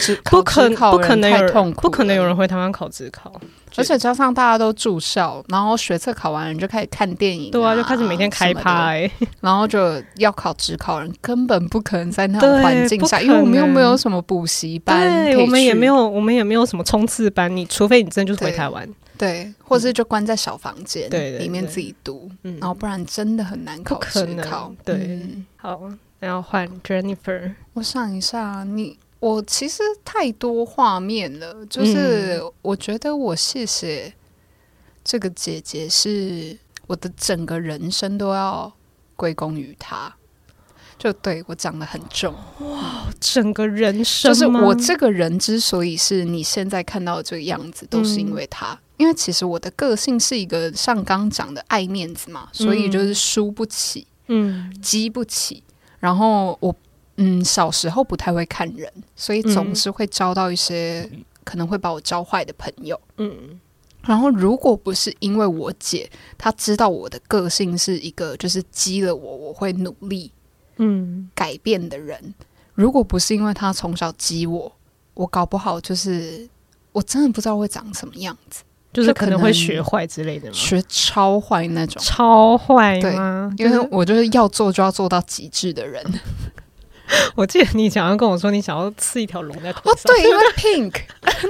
只考考欸，不可能，不可能太痛苦。不可能有人回台灣考指考，而且加上大家都住校，然後學測考完了就開始看電影，啊。對啊，就開始每天開拍，然後就要考指考人，人根本不可能在那種環境下，因為我們又沒有什麼補習班，我們也沒有，我們也沒有什麼衝刺班，你除非你真的就是回台灣，對，或者是就關在小房間，嗯，裡面自己讀對對對，嗯，然後不然真的很難考指考。對，嗯，好，然後換 Jennifer，我想一下你。我其實太多畫面了，就是我覺得我謝謝這個姐姐，是我的整個人生都要歸功於她。就對我講得很重哇，整個人生就是我這個人之所以是你現在看到這個樣子，都是因為她、嗯。因為其實我的個性是一個上綱講的愛面子嘛，所以就是輸不起，嗯，激不起，然後我。嗯，小時候不太會看人，所以總是會交到一些、嗯、可能會把我教壞的朋友。嗯，然後如果不是因為我姐，她知道我的個性是一個就是激了我，我會努力，嗯，改變的人、嗯。如果不是因為她從小激我，我搞不好就是我真的不知道會長什麼樣子，就是可能會學壞之類的嗎？學超壞那種，超壞嗎？對，因為我就是要做就要做到極致的人。 我記得你想要跟我說，你想要刺一條龍在腿上，哦，oh, 對,對,對，因為 Pink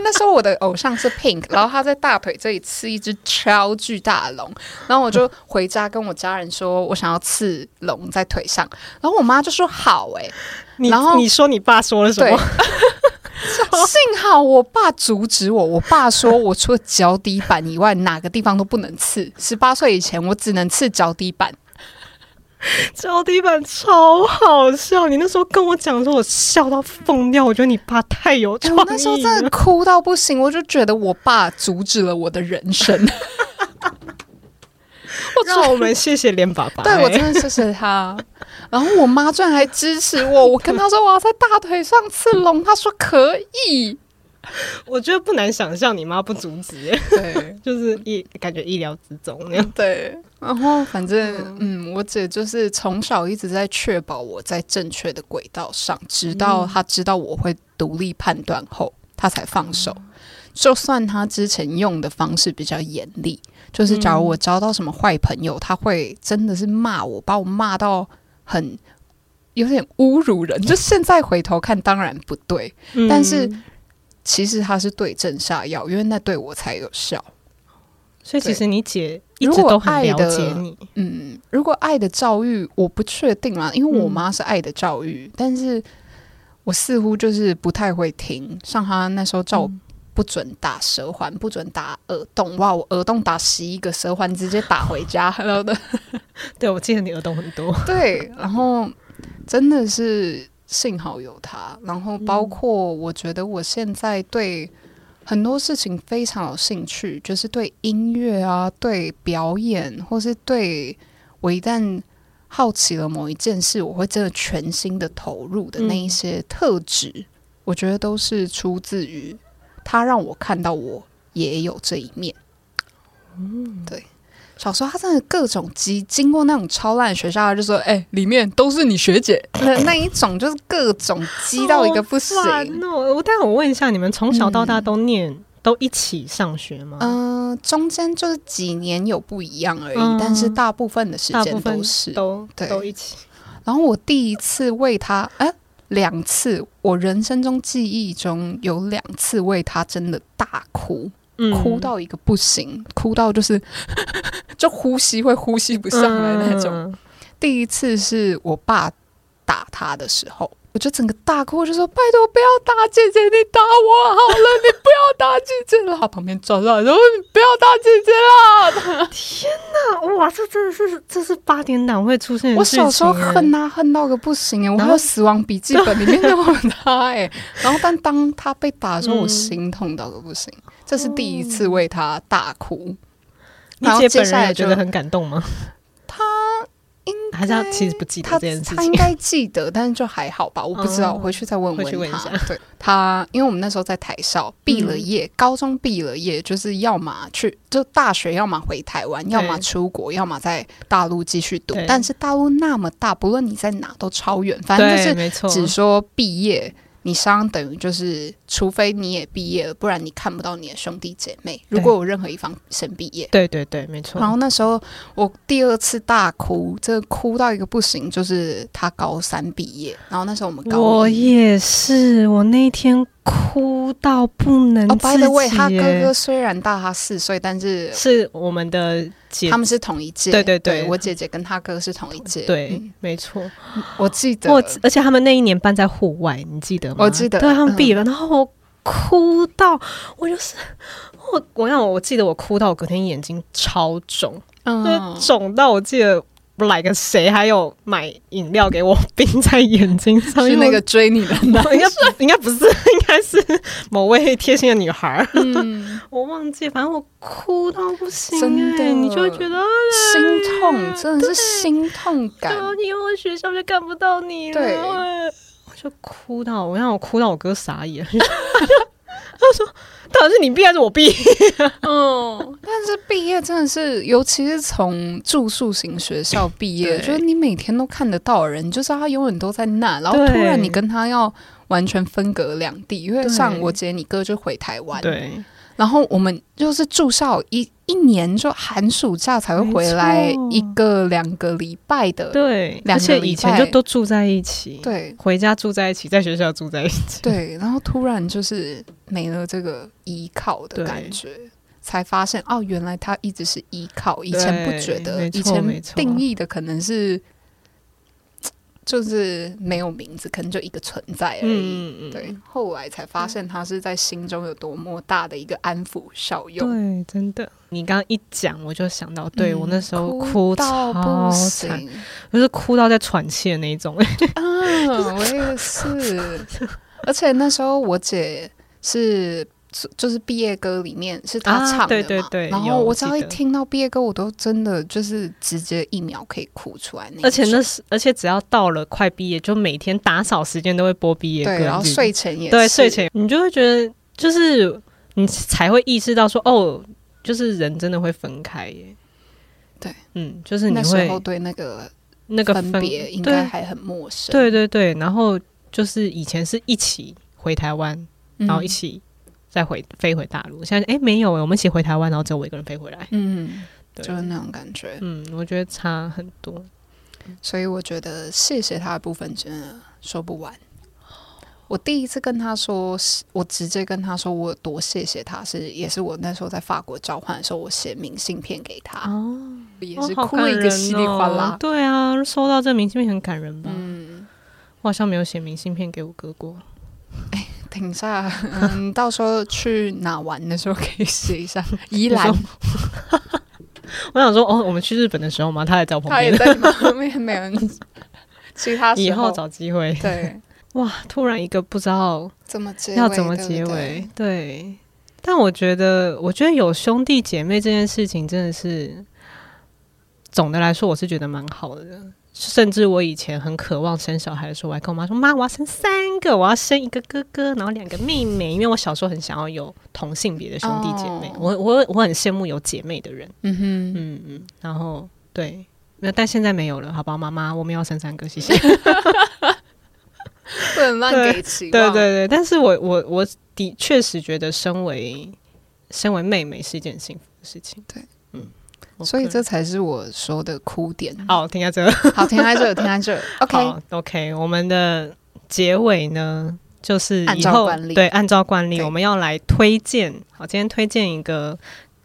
那時候我的偶像是 Pink， 然後他在大腿這裡刺一只超巨大的龍，然後我就回家跟我家人說，我想要刺龍在腿上，然後我媽就說好哎、欸，你然後你說你爸說了什麼？ 幸好我爸阻止我，我爸說我除了腳底板以外，哪個地方都不能刺，十八歲以前我只能刺腳底板。腳底板超好笑，你那時候跟我講的時候，我笑到瘋掉。我覺得你爸太有創意了、欸、我那時候真的哭到不行。 我就覺得我爸阻止了我的人生。 我說讓我們謝謝連爸爸， 對我真的謝謝他。 然後我媽居然還支持我，我跟他說我要在大腿上刺龍， 他說可以。我覺得不難想象，你媽不阻止，對， 就是意感覺意料之中那樣，對。然後，反正，嗯，嗯我姐就是從小一直在確保我在正確的軌道上，直到他知道我會獨立判斷後，他才放手。嗯、就算他之前用的方式比較嚴厲，就是假如我交到什麼壞朋友、嗯，他會真的是罵我，把我罵到很有點侮辱人。就現在回頭看，當然不對，嗯、但是其實他是對症下藥，因為那對我才有效。所以，其實你姐一直都很了解你。嗯，如果愛的教育，我不確定啦，因為我媽是愛的教育，嗯，但是我似乎就是不太會聽。像她那時候叫我不准打舌環，嗯，不准打耳洞，哇，我耳洞打十一個舌環，直接打回家。 對，我記得你耳洞很多。對，然後真的是幸好有她，然後，包括我覺得我現在對。很多事情非常有興趣，就是對音樂啊，對表演，或是對我一旦好奇了某一件事，我會真的全心的投入的那一些特質，嗯，我覺得都是出自於他讓我看到我也有這一面，嗯，對。小時候，他真的各種激，經過那種超爛學校，就說：“哎、欸，裡面都是你學姐。 嗯”那那一種就是各種激到一個不行。那我，喔，我待會我問一下，你們從小到大都念，嗯、都一起上學嗎？嗯、呃，中間就是幾年有不一樣而已，嗯，但是大部分的時間都是都對都一起。然後我第一次為他，哎，欸，兩次，我人生中記憶中有兩次為他真的大哭。哭到一個不行，嗯、哭到就是 就呼吸會呼吸不上來那種嗯嗯。第一次是我爸打他的時候，我就整個大哭，就說：“ 拜託不要打姐姐，你打我好了，你不要打姐姐了。 ”他旁邊轉轉，來，然後：“不要打姐姐了！”天哪，哇，這真的是這是八點檔會出現的。我小時候恨他、啊，恨到個不行、欸、我還有死亡筆記本裡面都有他哎。 然後，但當他被打的時候，嗯、我心痛到個不行。這是第一次為她大哭，哦然後接下來就。你姐本人也覺得很感動嗎？她應好像其實不記得這件事，她應該記得，但是就還好吧，我不知道，我、哦、回去再問問她。對她，因為我們那時候在台校，畢了業，嗯、高中畢了業，就是要麼去就大學要，要麼回台灣，要麼出國，要麼在大陸繼續讀。但是大陸那麼大，不論你在哪都超遠，反正就是只說畢業。你相等於就是，除非你也畢業了，不然你看不到你的兄弟姐妹。如果有任何一方先畢業，對對對，對，沒錯。然後那時候我第二次大哭，這個、哭到一個不行，就是他高三畢業。然後那時候我們高，我也是，我那天哭到不能自己。哦、oh，By the way，他哥哥雖然大他四歲，但是是我們的。他們是同一屆，對對對，對，我姐姐跟他哥是同一屆、嗯，對，沒錯，我記得。我而且他們那一年辦在戶外，你記得嗎？我記得。對，他們畢業了、嗯，然後我哭到，我就是我，我讓我記得，我哭到隔天眼睛超腫，腫、嗯就是、到我記得。不，來個誰？還有買飲料給我冰在眼睛上面，去那個追你的 應，應該應該不是，應該是某位貼心的女孩兒、 嗯。我忘記，反正我哭到不行、欸，真的，你就會覺得、欸、心痛，真的是心痛感。因為學校就看不到你了，對，我就哭到，我讓我哭到我哥傻眼。 他說：“當然是你畢業，還是我畢業？”嗯，哦，但是畢業真的是，尤其是從住宿型學校畢業，覺得、就是、你每天都看得到人，就是他永遠都在那，然後突然你跟他要完全分隔兩地。因為像我姐、你哥就回台灣，對，然後我們就是住校一一年，就寒暑假才會回來一個兩個禮拜的兩個禮拜，對，而且以前就都住在一起，對，回家住在一起，在學校住在一起，對，然後突然就是。沒了這個依靠的感覺，才發現哦，原來他一直是依靠。以前不覺得，以前定義的可能是就是沒有名字，可能就一個存在而已。嗯，對，後來才發現他是在心中有多麼大的一個安撫效用。對，真的，你剛剛一講，我就想到，嗯、對，我那時候哭到超慘，哭到不行，就是哭到在喘氣的那一種。 啊，我也是， 而且那時候我姐。是，就是畢業歌裡面是他唱的、啊、對對對，然後我只要一聽到畢業歌我，我都真的就是直接一秒可以哭出來那種。而且那是，而且只要到了快畢業，就每天打掃時間都會播畢業歌、嗯對，然後睡前也對睡前，你就會覺得就是你才會意識到說哦，就是人真的會分開耶。對，嗯，就是你會那對那個那個分別應該還很陌生。對，對對對，然後就是以前是一起回台灣。然後一起再回，嗯、飛回大陸，現在哎，沒有哎，我們一起回台灣，然後只有我一個人飛回來。嗯，對，就是那種感覺。嗯，我覺得差很多，所以我覺得謝謝他的部分真的說不完。我第一次跟他說，我直接跟他說我有多謝謝他是，是也是我那時候在法國交換的時候，我寫明信片給他，哦，也是哭了一個稀里嘩啦，哦哦。對啊，收到這明信片很感人吧？嗯，我好像沒有寫明信片給我哥過。哎。挺帥，嗯，到時候去哪玩的時候可以試一下。宜蘭，我想說，哦，我們去日本的時候嘛，他也找朋友，旁邊，沒人去他。他以後找機會。對，哇，突然一個不知道怎麼結，要怎麼結尾？對，但我覺得，我覺得有兄弟姐妹這件事情，真的是，總的來說，我是覺得蠻好的。甚至我以前很渴望生小孩的時候，我還跟我媽說：“媽，我要生三個，我要生一個哥哥，然後兩個妹妹，因為我小時候很想要有同性別的兄弟姐妹。哦、我我我很羨慕有姐妹的人，嗯哼，嗯嗯。然後對，那但現在沒有了，好吧，媽媽，我們要生三個，謝謝。 很慢給期望，呃、對對對。但是我我我的確實覺得，身為身為妹妹是一件幸福的事情，對。” Okay. 所以這才是我說的哭點。好、oh，停在這兒。好，停在這兒，停在這兒。OK，OK，、okay. okay, 我們的結尾呢，就是以後按照慣例，對，按照慣例對，我們要來推薦。好，今天推薦一個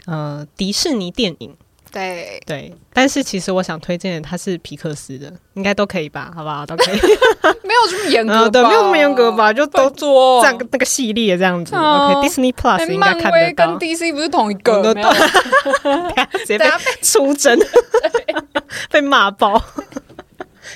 呃迪士尼電影。對對，但是其實我想推薦，它是皮克斯的，應該都可以吧，好不好？都可以， 沒有這麼嚴格吧、哦？對，沒有這麼嚴格吧？哦、就都做這樣做、哦、那個系列這樣子、哦、，OK Disney。Disney Plus 應該看得到漫威，跟 DC 不是同一個，對、嗯、 對，等下被、啊、出征， 被罵爆。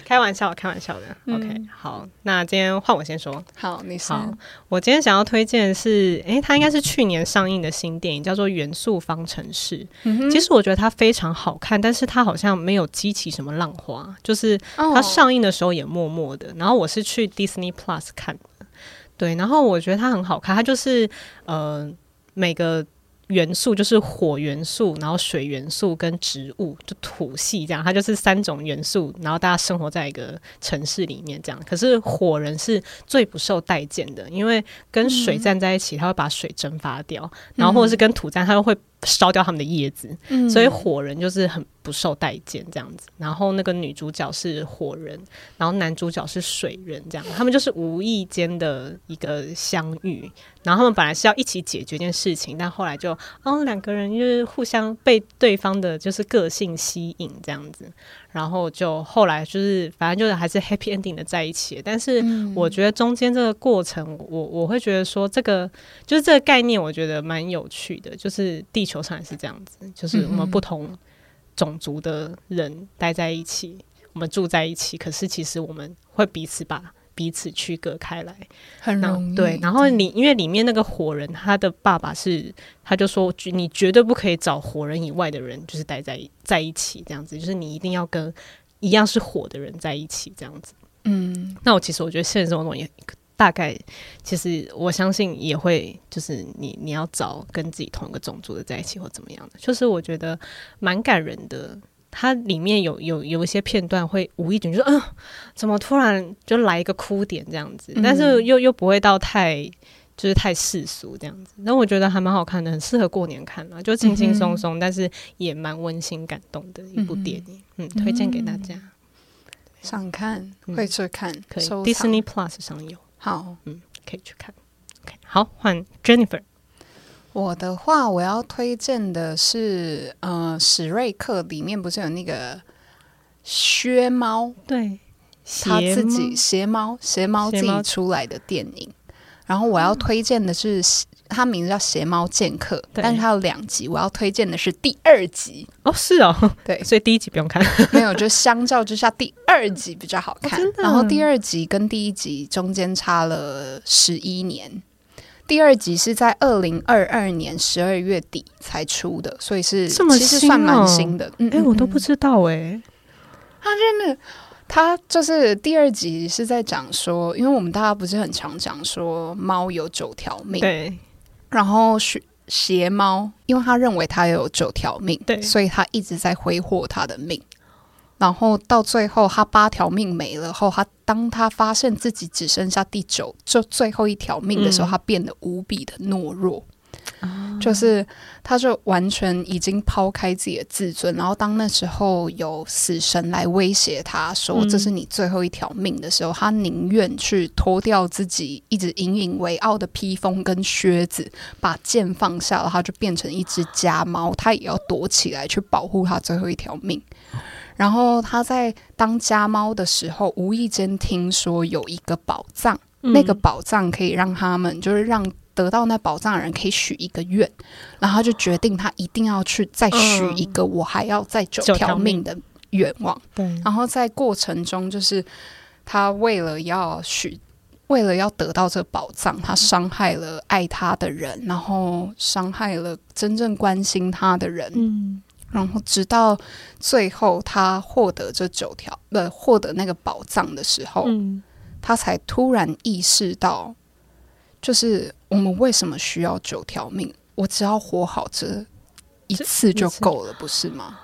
開玩笑，開玩笑的。嗯、OK，好，那今天換我先說。好，你好，我今天想要推薦是，誒、欸，它應該是去年上映的新電影，叫做《元素方程式》嗯。其實我覺得它非常好看，但是它好像沒有激起什麼浪花，就是它上映的時候也默默的。然後我是去 Disney Plus 看的，對。然後我覺得它很好看，它就是呃每個。元素就是火元素，然後水元素跟植物就土系這樣，它就是三種元素，然後大家生活在一個城市裡面這樣。可是火人是最不受待見的，因為跟水站在一起，他會把水蒸發掉，嗯，然後或者是跟土站，他又會，會。燒掉他們的葉子，嗯，所以火人就是很不受待見這樣子。然後那個女主角是火人，然後男主角是水人，這樣他們就是無意間的一個相遇。然後他們本來是要一起解決一件事情，但後來就哦，兩個人就是互相被對方的就是個性吸引這樣子。然後就後來就是，反正就是還是 happy ending 的在一起。但是我覺得中間這個過程，嗯、我我會覺得說這個就是這個概念，我覺得蠻有趣的。就是地球上也是這樣子，就是我們不同種族的人待在一起，嗯、我們住在一起，可是其實我們會彼此吧，彼此區隔開來，很難，對。然後你因為裡面那個火人，他的爸爸是，他就說絕，你絕對不可以找火人以外的人，就是待在在一起這樣子，就是你一定要跟一樣是火的人在一起這樣子。嗯，那我其實我覺得現實生活中也大概，其實我相信也會，就是你你要找跟自己同一個種族的在一起或怎麼樣的，就是我覺得蠻感人的。它裡面有有有一些片段會無意間就說，嗯、呃，怎麼突然就來一個哭點這樣子，嗯、但是又又不會到太就是太世俗這樣子，那我覺得還蠻好看的，很適合過年看嘛，就輕輕鬆鬆，但是也蠻溫馨感動的一部電影，嗯，嗯，推薦給大家。嗯、想看會去看，嗯、可以，Disney Plus 上有，好，嗯，可以去看。Okay，好，換 Jennifer。我的話，我要推薦的是，呃，《史瑞克》裡面不是有那個鞋貓？對，他自己鞋貓鞋貓自己出來的電影。然後我要推薦的是、嗯，他名字叫《鞋貓劍客》，但是他有兩集。我要推薦的是第二集。哦，是哦，對，所以第一集不用看。 沒有，就相較之下，第二集比較好看。哦真的。然後第二集跟第一集中間差了十一年。第二集是在二零二二年十二月底才出的，所以是其實算蠻新的。哎、啊嗯嗯嗯欸，我都不知道哎、欸，他真的，他就是第二集是在講說，因為我們大家不是很常講說貓有九條命，對，然後是鞋貓，因為他認為他有九條命，對，所以他一直在揮霍他的命。然後到最後，他八條命沒了後。後他當他發現自己只剩下第九，就最後一條命的時候，他變得無比的懦弱。嗯、就是，他就完全已經拋開自己的自尊。然後，當那時候有死神來威脅他說：“這是你最後一條命”的時候、嗯，他寧願去脫掉自己一直引以為傲的披風跟靴子，把劍放下了，然後就變成一隻家貓，他也要躲起來去保護他最後一條命。然後他在當家貓的時候，無意間聽說有一個寶藏，嗯、那個寶藏可以讓他們，就是讓得到那寶藏的人可以許一個願，然後就決定他一定要去再許一個我還要再九條命的願望。嗯、對。然後在過程中，就是他為了要許，為了要得到這寶藏，他傷害了愛他的人，然後傷害了真正關心他的人。嗯然後直到最後，他獲得這九條，呃，獲得那個寶藏的時候，嗯，他才突然意識到，就是我們為什麼需要九條命？我只要活好這一次就夠了，不是嗎？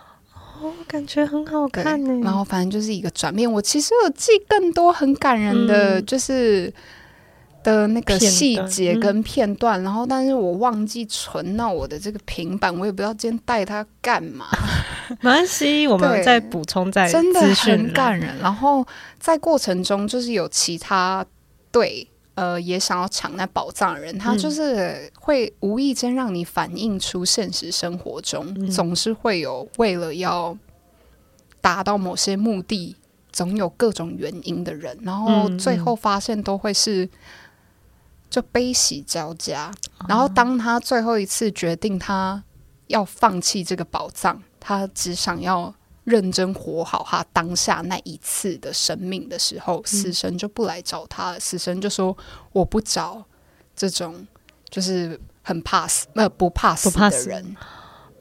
哦，我感覺很好看誒，欸。然後反正就是一個轉變。我其實有記更多很感人的，就是。嗯的那個細節跟片段，片段、嗯，然後但是我忘記存到我的這個平板，我也不知道今天帶它幹嘛。 沒關係，我們再補充再資訊。真的很感人。然後在過程中，就是有其他隊、嗯、呃也想要搶那寶藏的人，他就是會無意間讓你反映出現實生活中、嗯、總是會有為了要達到某些目的，總有各種原因的人，然後最後發現都會是。就悲喜交加，然後當他最後一次決定他要放棄這個寶藏，他只想要認真活好他當下那一次的生命的時候，死、嗯、神就不來找他了。死神就說：“我不找這種就是很怕死，呃、不怕死的人。”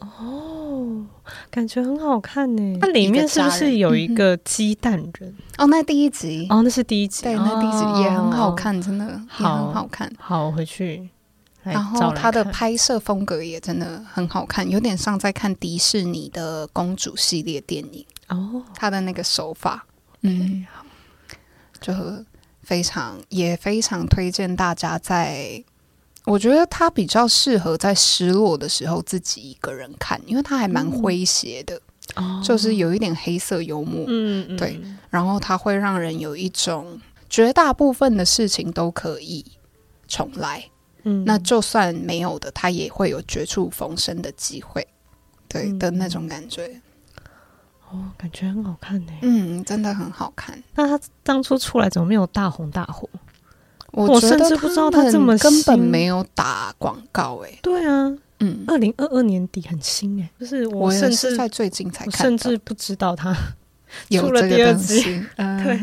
哦。哦，感覺很好看呢、欸。它裡面是不是有一個雞蛋人、人、嗯？哦，那第一集哦，那是第一集，對，那第一集也很好看，哦、真的，也很好看。好，好回去看。然後它的拍攝風格也真的很好看，有點像在看迪士尼的公主系列電影哦。它的那個手法，okay, 嗯好，就非常也非常推薦大家在。我覺得他比較適合在失落的時候自己一個人看，因為他還蠻詼諧的、嗯，就是有一點黑色幽默、嗯，對。然後他會讓人有一種絕大部分的事情都可以重來，嗯，那就算沒有的，他也會有絕處逢生的機會，對、嗯、的那種感覺。哦，感覺很好看呢。嗯，真的很好看。那他當初出來怎麼沒有大紅大火？我，欸、我甚至不知道他這麼根本沒有打廣告哎，對啊，嗯，二零二二年底很新哎、欸，就是我甚至我也是在最近才看，看，甚至不知道他出了第二季，呃，對，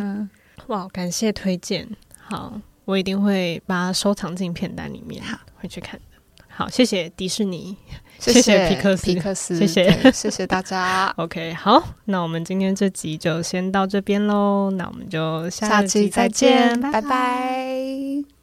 哇，感謝推薦，好，我一定會把它收藏進片單裡面，哈，會去看的，好，謝謝迪士尼。謝謝，謝謝皮克斯。皮克斯，謝謝謝謝大家。 OK，好，那我們今天這集就先到這邊嘍。那我們就下期再見，下集再見，拜拜。拜拜。